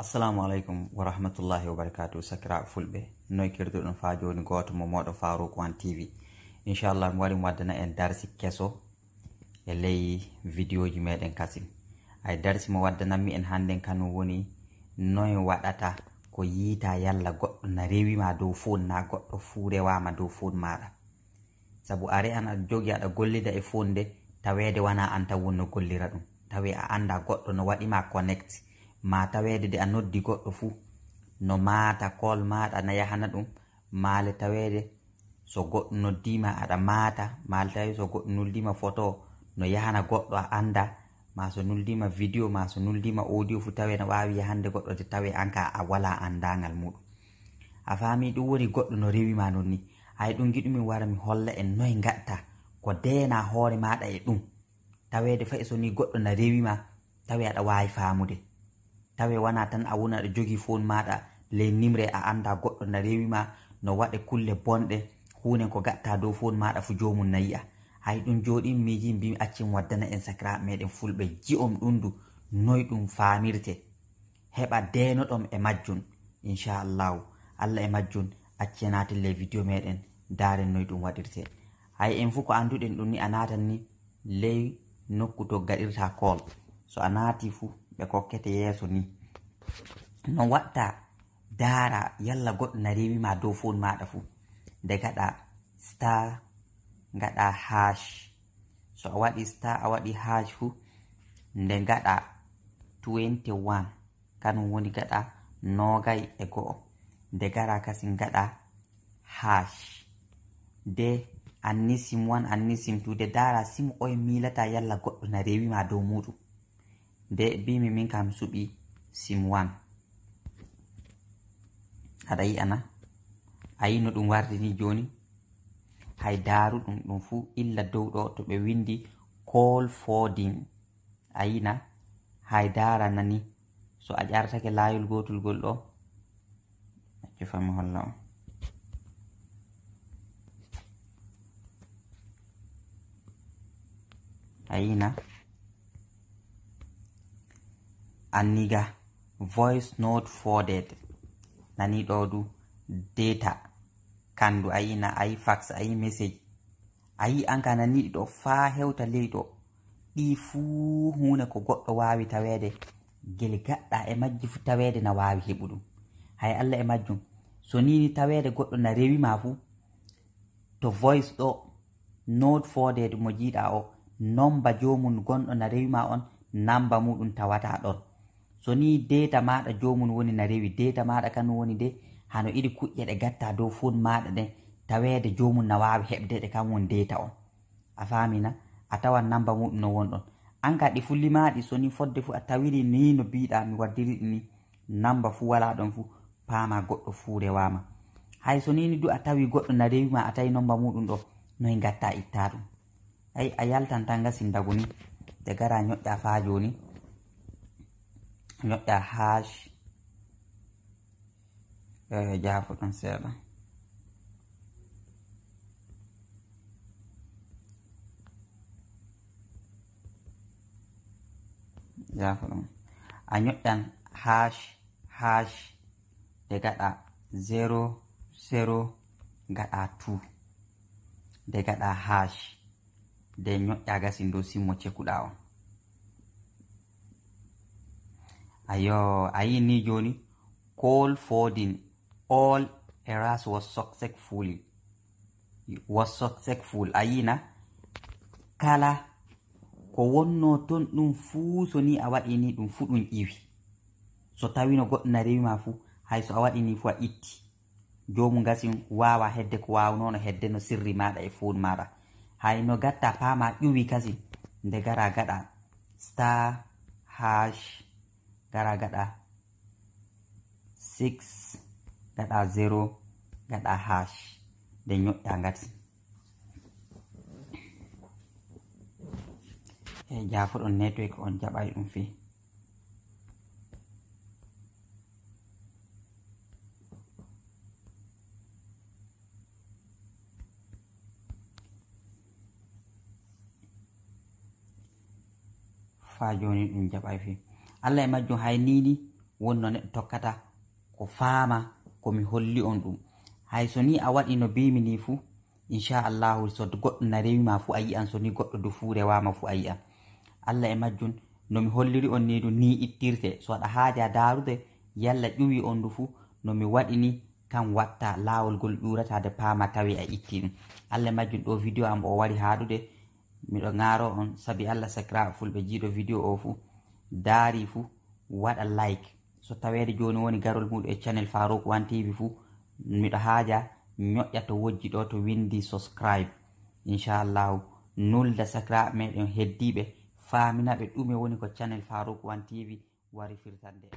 assalamu aleykum wa rahmatullahi wa barakatu sakiraɓe fulɓe noy kirduɗon fa joni goto mo moɗo farouk on tv inchallah mi waɗi mi waddana en darsi keso e ley vidéo ji meɗen kasim ay darsi mo waddanami en hannden kanum woni noy waɗata ko yiita yalla goɗɗo na rewima dow fon na goɗɗo fuu rewama dow fon maɗa saabu are an aɗa jogi aɗa gollida e fon nde tawede wona an tan wonno gollira ɗum tawi a anda goɗɗo no waɗima connecte ma tawede de a noddi goɗɗo fuu no maata kol maɗa na yahana ɗum maale tawede so goɗɗo noddima aɗa maata maale tawede so goɗɗo nuldima photo no yahana goɗɗo a anda ma so nuldima video ma so nuldima audio fuu tawe no wawi yahande goɗɗo de tawe an ka a wala andagal muɗum a fami ɗum woni goɗɗo no rewima non ni hay ɗum giɗumin wara mi holla en noye gatta ko dena hoore maɗa e ɗum tawede fayi so ni goɗɗo no rewima tawe aɗa wawi famude tawe wana tan a wonaɗo jogi fon maɗa ley nimre a anda goɗɗo na rewima no waɗe kulle bonɗe hunde ko gatta dow fon maɗa fo jomum nayi a hay ɗum joɗi miji mbimi accin waddana en sakiraɓe meɗen fulɓe ji'om ɗumdu noy ɗum famirte heɓa denoɗom e majjum inchallahu allah e majjum acci natille vidio meɗen daren noy ɗum waɗirte hay en fo ko anduɗen ɗum ni a natan ni ley nokku to gaɗirta kol so a naati fuu ɓe kokkete yeeso ni no watta daara yalla goɗɗo na rewima dow fon maɗa fuu nde gaɗa star gaɗa hash so a waɗi star a waɗi hash fuu nde gaɗa 21 kanum woni gaɗa nogay e go'o nde gara kasi gaɗa hash de annisim 1 annisim 2 de daara sim oye milata yalla goɗɗo na rewima dow muɗum be bimi min kam suɓi sim wan aɗa yi'ana a yi no ɗum wardini joni hay daruɗum ɗum fu illa dow ɗo to ɓe windi col fodin a yina hay daranani so a ƴartake layol gotolgol ɗo acufamihollao a yina anniga voice not forded nani ɗo du data kandu ayi na ayi fax ayi message ayi anka nanii ɗo fa hewta ley ɗo ɗi fuu hunde ko goɗɗo wawi tawede gel gaɗɗa e majji fu tawede na wawi heɓu ɗum hay allah e majjum so nini tawede goɗɗo na rewima fu to voice ɗo not forded mo jiɗa o nomba jomum gonɗo na rewima on namba muɗum tawata ɗon so ni deta maɗa jomum woni na rewi deta maɗa kanum woni de hano iɗi kuƴƴe ɗe gatta dow fon maɗa ɗe tawede jomum na wawi heɓde ɗe kam woni deta on a famina a tawan namba muɗum no wonɗon an ka ɗi fullimaɗi soni fodde fu a tawiri ni no biɗa mi waddiriɗi ni namba fu wala ɗon fu pama goɗɗo fu rewama hay sonini du a tawi goɗɗo na rewima a tawi namba muɗum ɗo noye gatta itta ɗum ay a yaltan tan gasindago ni de gara ñoƴƴa fa joni noɗɗa hash jaafo ɗon seeɗa jaafo ɗon a ñoɗɗan hash hash de gaɗa zero zero gaɗa two de gaɗa hash de ñoɗɗa gasin dow simmo cekuɗa on ayo a yi ni joni call fordin all eras was successful was successful a yina kala ko wonno ton ɗum fuu so ni a waɗini ɗum fuu ɗum iwi so tawino goɗɗo na rewima fuu hay so a waɗini fuu a itti jomu gasin wawa hedde ko wawnono hedde no sirri maɗa e fon maɗa hayno gatta pama ƴuwi kasin nde gara gaɗa star hash gara gaɗa six gaɗa zero gaɗa hash nde ñoƴƴa ngati e jafo ɗon network on jaɓay ɗum fi fa joni ɗum jaɓay fi allah e majjum hay nini wonno neɗɗo tokkata ko faama komi holli on ɗum hay so ni a waɗi no bimi ni fuu inchallahu so goɗɗo na rewima fuu a yi'an so ni goɗɗo du fuu rewama fuu a yi'an allah e majjum nomi holliri on ni ɗum ni ittirte so aɗa haaja daarude yalla ƴuwi on du fuu nomi waɗi ni kan watta laawol ngol ɗuuratade paama tawi a itti ɗum allah e majjum ɗo video am o wari haaɗude miɗo gaaro on sabi allah sacra fulɓe jiiɗo video o fuu daari fuu waɗa like so taweede jooni woni garol muɗum e channel farouk wan tv fuu miɗo haaja ñoƴƴa to wojji ɗo to windi subscribe inchallahu nulda sakiraɓe meɗen heddiɓe faaminaɓe ɗume woni ko channel farouk wan tv wari firtande